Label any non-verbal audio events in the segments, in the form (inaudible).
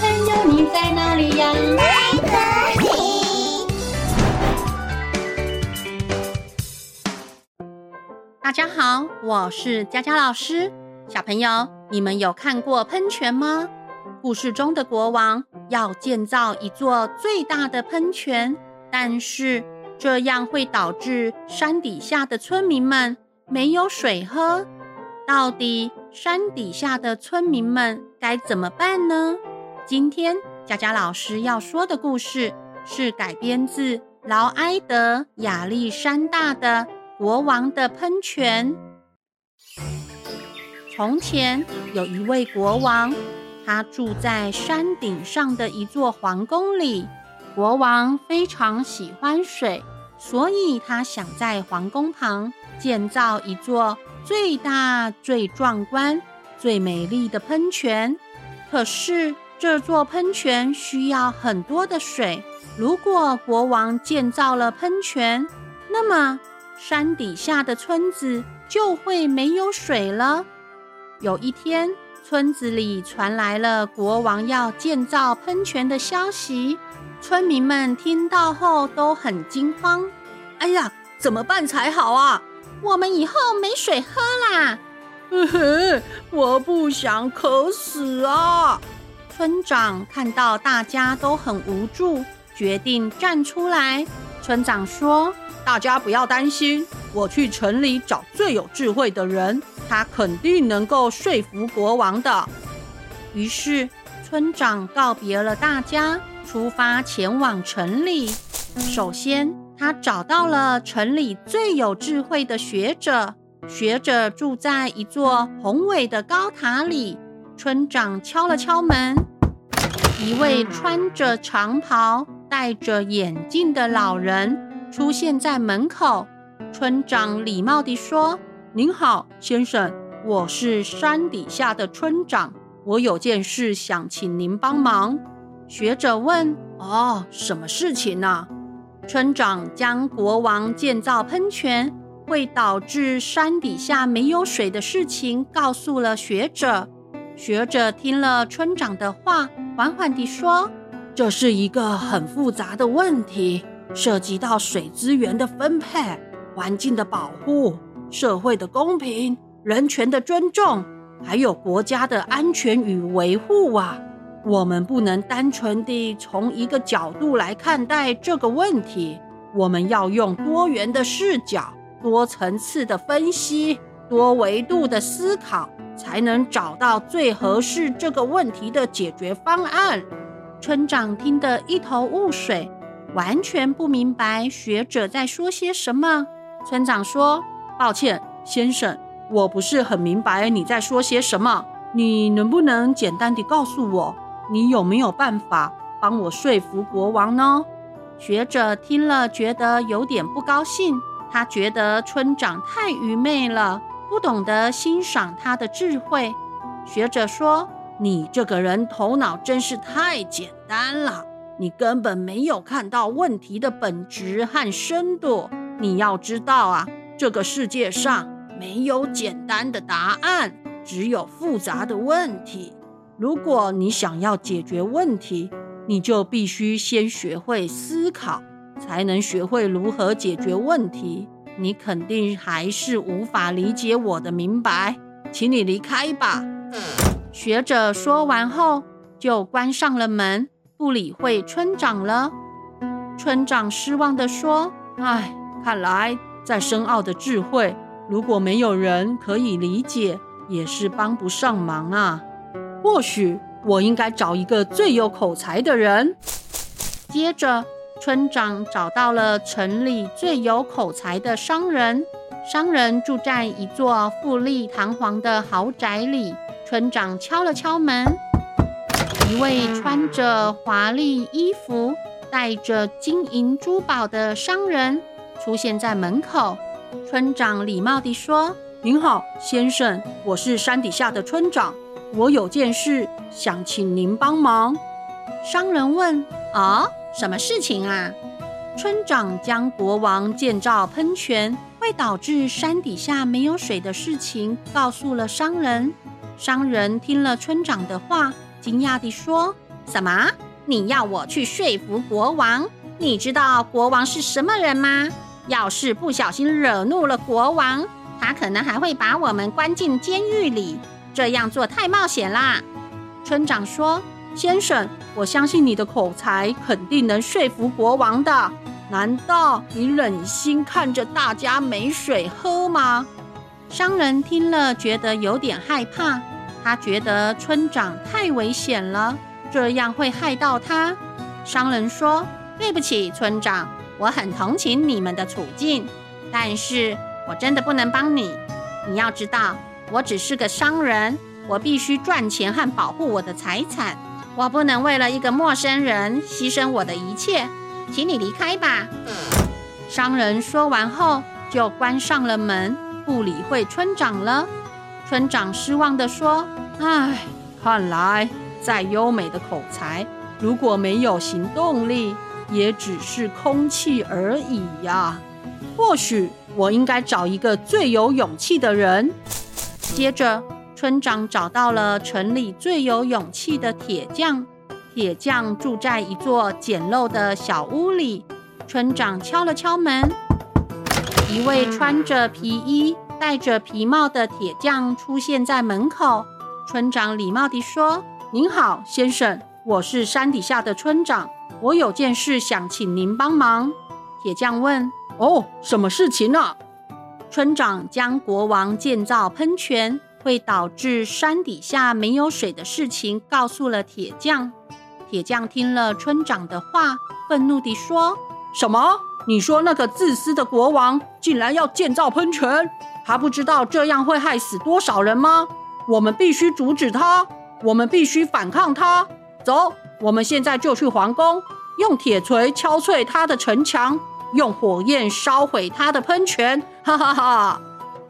朋友，你在哪裡呀？在這裡。大家好，我是佳佳老師。小朋友，你們有看過噴泉嗎？故事中的國王要建造一座最大的噴泉，但是這樣會導致山底下的村民們沒有水喝。到底山底下的村民們該怎麼辦呢？今天佳佳老師要說的故事是改編自勞埃德·亞歷山大的《國王的噴泉》。從前有一位國王，他住在山頂上的一座皇宮裡。國王非常喜歡水，所以他想在皇宮旁建造一座最大、最壯觀、最美麗的噴泉。可是，這座噴泉需要很多的水。如果國王建造了噴泉，那麼山底下的村子就會沒有水了。有一天，村子裡傳來了國王要建造噴泉的消息，村民們聽到後都很驚慌：“哎呀，怎麼辦才好啊？我們以後沒水喝啦！”“呵呵，我不想渴死啊。”村長看到大家都很無助，決定站出來。村長說：“大家不要擔心，我去城裡找最有智慧的人，他肯定能夠說服國王的。”於是，村長告別了大家，出發前往城裡。首先，他找到了城裡最有智慧的學者，學者住在一座宏偉的高塔裡。村長敲了敲門，一位穿着長袍、戴着眼鏡的老人出現在門口。村長禮貌地說：“您好，先生，我是山底下的村長，我有件事想請您幫忙。”學者問：“哦，什麼事情呢、啊？”村長將國王建造噴泉會導致山底下沒有水的事情告訴了學者。學者聽了村長的話，緩緩地說：“這是一個很複雜的問題，涉及到水資源的分配、環境的保護、社會的公平、人權的尊重，還有國家的安全與維護啊。我們不能單純地從一個角度來看待這個問題，我們要用多元的視角、多層次的分析。”多維度的思考，才能找到最合適這個問題的解決方案。村長聽得一頭霧水，完全不明白學者在說些什麼。村長說：“抱歉，先生，我不是很明白你在說些什麼。你能不能簡單地告訴我，你有沒有辦法幫我說服國王呢？”學者聽了，覺得有點不高興，他覺得村長太愚昧了。不懂得欣賞他的智慧。學者說：“你這個人頭腦真是太簡單了，你根本沒有看到問題的本質和深度。你要知道啊，這個世界上沒有簡單的答案，只有複雜的問題。如果你想要解決問題，你就必須先學會思考，才能學會如何解決問題。”你肯定還是無法理解我的明白，請你離開吧。學者說完後就關上了門，不理會村長了。村長失望地說：“唉，看來再深奧的智慧，如果沒有人可以理解，也是幫不上忙啊。或許我應該找一個最有口才的人。”接着。村長找到了城裡最有口才的商人。商人住在一座富麗堂皇的豪宅裡。村長敲了敲門，一位穿着華麗衣服、帶着金銀珠寶的商人出現在門口。村長禮貌地說：“您好，先生，我是山底下的村長，我有件事想請您幫忙。”商人問：“啊、哦？”什麼事情啊？村長將國王建造噴泉，會導致山底下沒有水的事情告訴了商人。商人聽了村長的話，驚訝地說：“什麼？你要我去說服國王？你知道國王是什麼人嗎？要是不小心惹怒了國王，他可能還會把我們關進監獄裡。這樣做太冒險啦！”村長說：“先生。”我相信你的口才肯定能說服國王的。難道你忍心看着大家沒水喝嗎？商人聽了覺得有點害怕，他覺得村長太危險了，這樣會害到他。商人說：“對不起，村長，我很同情你們的處境，但是我真的不能幫你。你要知道，我只是個商人，我必須賺錢和保護我的財產。”我不能為了一個陌生人犧牲我的一切，請你離開吧。嗯，商人說完後就關上了門，不理會村長了。村長失望地說：“唉，看來再優美的口才，如果沒有行動力，也只是空氣而已呀，啊。或許我應該找一個最有勇氣的人。”接着，村長找到了城裡最有勇氣的鐵匠。鐵匠住在一座簡陋的小屋裡。村長敲了敲門，一位穿着皮衣、戴着皮帽的鐵匠出現在門口。村長禮貌地說：“您好，先生，我是山底下的村長，我有件事想請您幫忙。”鐵匠問：“哦，什麼事情呢、啊？”村長將國王建造噴泉。會導致山底下沒有水的事情告訴了鐵匠。鐵匠聽了村長的話，憤怒地說：“什麼？你說那個自私的國王竟然要建造噴泉？他不知道這樣會害死多少人嗎？我們必須阻止他，我們必須反抗他。走，我們現在就去皇宮，用鐵錘敲碎他的城牆，用火焰燒毀他的噴泉！”哈哈哈哈。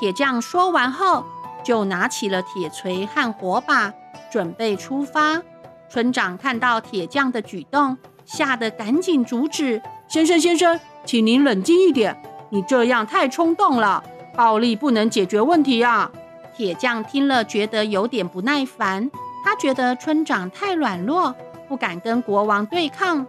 鐵匠說完後，就拿起了鐵錘和火把，準備出發。村長看到鐵匠的舉動，嚇得趕緊阻止：“先生，先生，請您冷靜一點，你這樣太衝動了，暴力不能解決問題啊！”鐵匠聽了，覺得有點不耐煩，他覺得村長太軟弱，不敢跟國王對抗。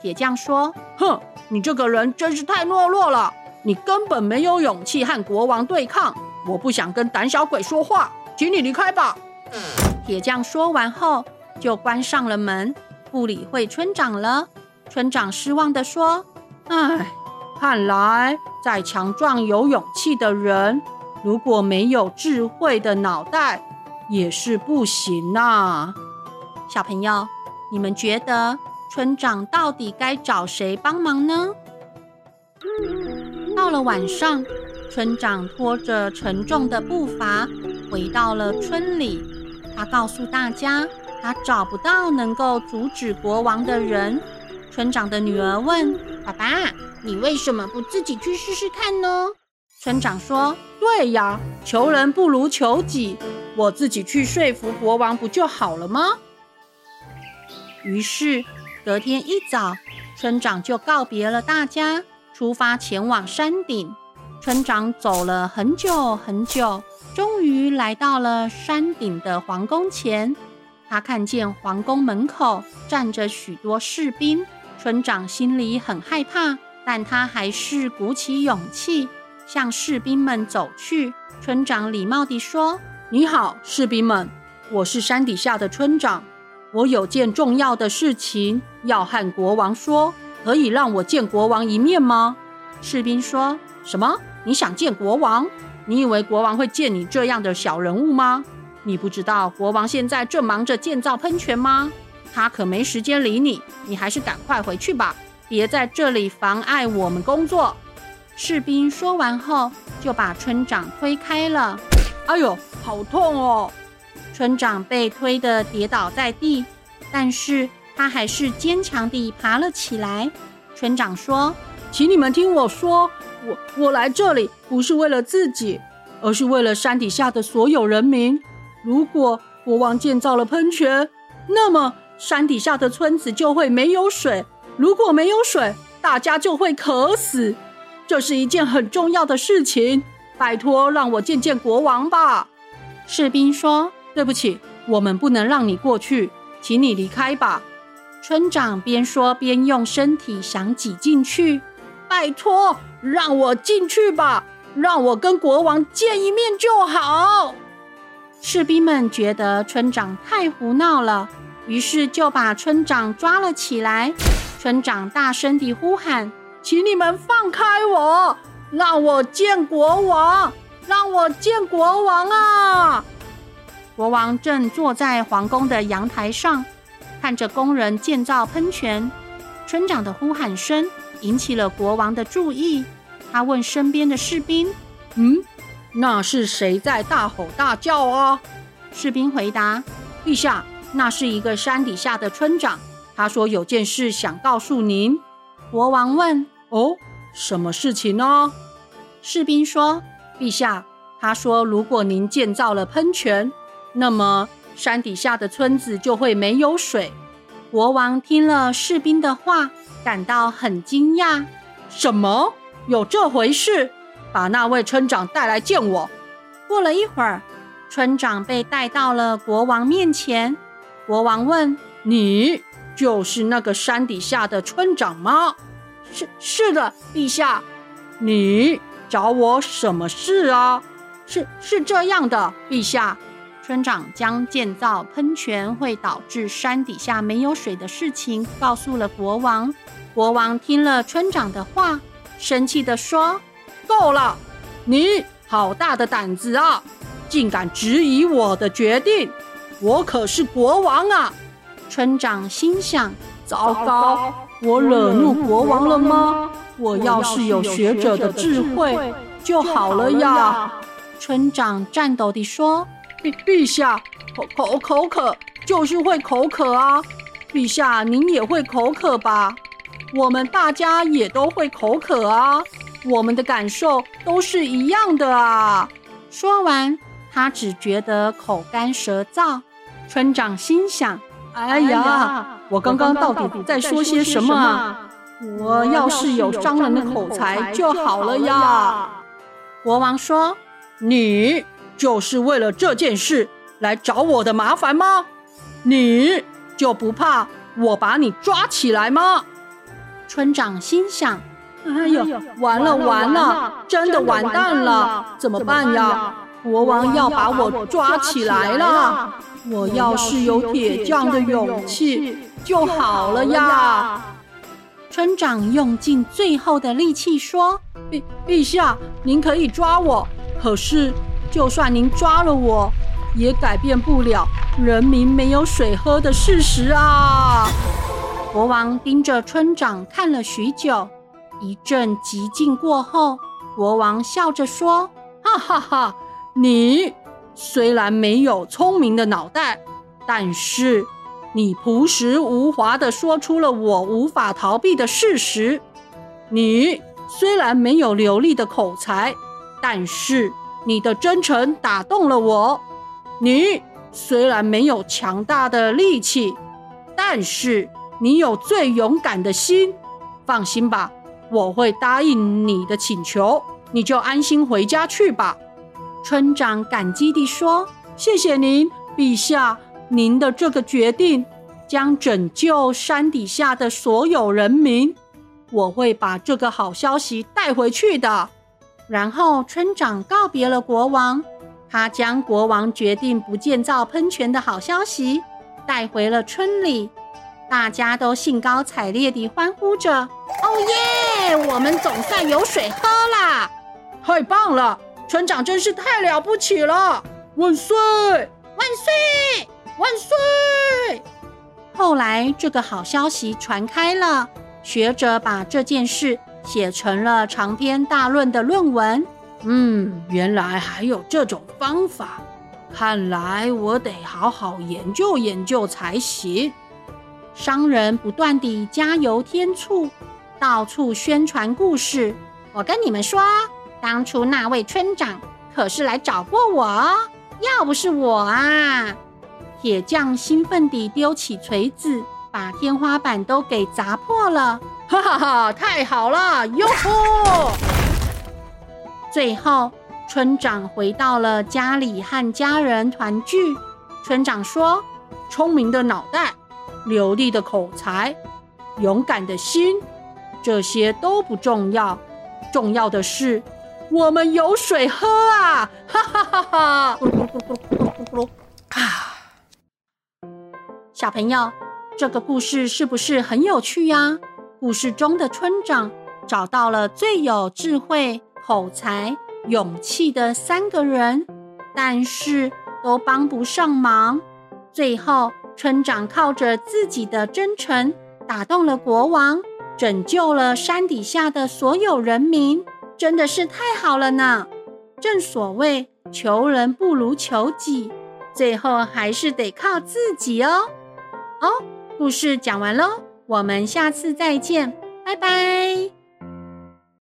鐵匠說：“哼，你這個人真是太懦弱了，你根本沒有勇氣和國王對抗。”我不想跟膽小鬼說話，請你離開吧。鐵匠說完後就關上了門，不理會村長了。村長失望地說：“唉，看來再強壯有勇氣的人，如果沒有智慧的腦袋，也是不行吶、啊。”小朋友，你們覺得村長到底該找誰幫忙呢？ (noise) 到了晚上。村長拖着沉重的步伐回到了村裡。他告訴大家，他找不到能夠阻止國王的人。村長的女兒問：“爸爸，你為什麼不自己去試試看呢？”村長說：“對呀，求人不如求己，我自己去說服國王不就好了嗎？”於是，隔天一早，村長就告別了大家，出發前往山頂。村長走了很久很久，終於來到了山頂的皇宮前。他看見皇宮門口站着許多士兵，村長心裡很害怕，但他還是鼓起勇氣向士兵們走去。村長禮貌地說：“你好，士兵們，我是山底下的村長，我有件重要的事情要和國王說，可以讓我見國王一面嗎？”士兵說，什麼？你想見國王？你以為國王會見你這樣的小人物嗎？你不知道國王現在正忙着建造噴泉嗎？他可沒時間理你。你還是趕快回去吧，別在這裡妨礙我們工作。士兵說完後，就把村長推開了。哎呦，好痛哦！村長被推得跌倒在地，但是他還是堅強地爬了起來。村長說：“請你們聽我說。”我我來這裡不是為了自己，而是為了山底下的所有人民。如果國王建造了噴泉，那麼山底下的村子就會沒有水。如果沒有水，大家就會渴死。這是一件很重要的事情，拜託，讓我見見國王吧。士兵說：“對不起，我們不能讓你過去，請你離開吧。”村長邊說邊用身體想擠進去。拜託，讓我進去吧，讓我跟國王見一面就好。士兵們覺得村長太胡鬧了，於是就把村長抓了起來。村長大聲地呼喊：“請你們放開我，讓我見國王，讓我見國王啊！”國王正坐在皇宮的陽台上，看着工人建造噴泉。村長的呼喊聲。引起了國王的注意。他問身邊的士兵：“嗯，那是誰在大吼大叫啊？”士兵回答：“陛下，那是一個山底下的村長。他說有件事想告訴您。”國王問：“哦，什麼事情呢？”士兵說：“陛下，他說如果您建造了噴泉，那麼山底下的村子就會沒有水。”國王聽了士兵的話，感到很驚訝：“什麼？有這回事？把那位村長帶來見我。”過了一會兒，村長被帶到了國王面前。國王問：“你就是那個山底下的村長嗎？”“是，是的，陛下。”“你找我什麼事啊？”“是，是這樣的，陛下。”村長將建造噴泉會導致山底下沒有水的事情告訴了國王。國王聽了村長的話，生氣地說：“夠了，你好大的膽子啊！竟敢質疑我的決定！我可是國王啊！”村長心想：“糟糕，我惹怒國王了嗎？我要是有學者的智慧就好了呀！”村長顫抖地說。陛陛下，口口口渴，就是會口渴啊！陛下，您也會口渴吧？我們大家也都會口渴啊！我們的感受都是一樣的啊！說完，他只覺得口乾舌燥。村長心想：呀哎呀，我剛剛到底在說些什麼？我要是有商人的口才就好了呀！了呀國王說：“你。”就是為了這件事來找我的麻煩嗎？你就不怕我把你抓起來嗎？村長心想：哎呦，完了完了，真的完蛋了，怎麼辦呀？國王要把我抓起來了！我要是有鐵匠的勇氣就好了呀！村長用盡最後的力氣說：“陛陛下，您可以抓我，可是。”就算您抓了我，也改變不了人民沒有水喝的事實啊！國王盯着村長看了許久，一陣寂靜過後，國王笑着說：“哈哈哈哈！你雖然沒有聰明的腦袋，但是你樸實無華地說出了我無法逃避的事實。你雖然沒有流利的口才，但是……”你的真誠打動了我。你雖然沒有強大的力氣，但是你有最勇敢的心。放心吧，我會答應你的請求，你就安心回家去吧。村長感激地說：“謝謝您，陛下。您的這個決定將拯救山底下的所有人民。我會把這個好消息帶回去的。”然後村長告別了國王，他將國王決定不建造噴泉的好消息帶回了村裡，大家都興高采烈地歡呼着：“哦耶！我們總算有水喝啦，太棒了！村長真是太了不起了！萬歲！萬歲！萬歲！”後來這個好消息傳開了，學者把這件事寫成了長篇大論的論文。嗯，原來還有這種方法，看來我得好好研究研究才行。商人不斷地加油添醋，到處宣傳故事。我跟你們說，當初那位村長可是來找過我，要不是我啊！鐵匠興奮地丟起錘子，把天花板都給砸破了。哈哈哈！ (laughs) 太好了，喲呵！最後，村長回到了家裡，和家人團聚。村長說：“聰明的腦袋，流利的口才，勇敢的心，這些都不重要。重要的是，我們有水喝啊！”哈哈哈！哈，小朋友，這個故事是不是很有趣呀，啊？故事中的村長找到了最有智慧、口才、勇氣的三個人，但是都幫不上忙。最後，村長靠着自己的真誠打動了國王，拯救了山底下的所有人民，真的是太好了呢！正所謂“求人不如求己”，最後還是得靠自己哦。哦，故事講完嘍。我們下次再見，拜拜。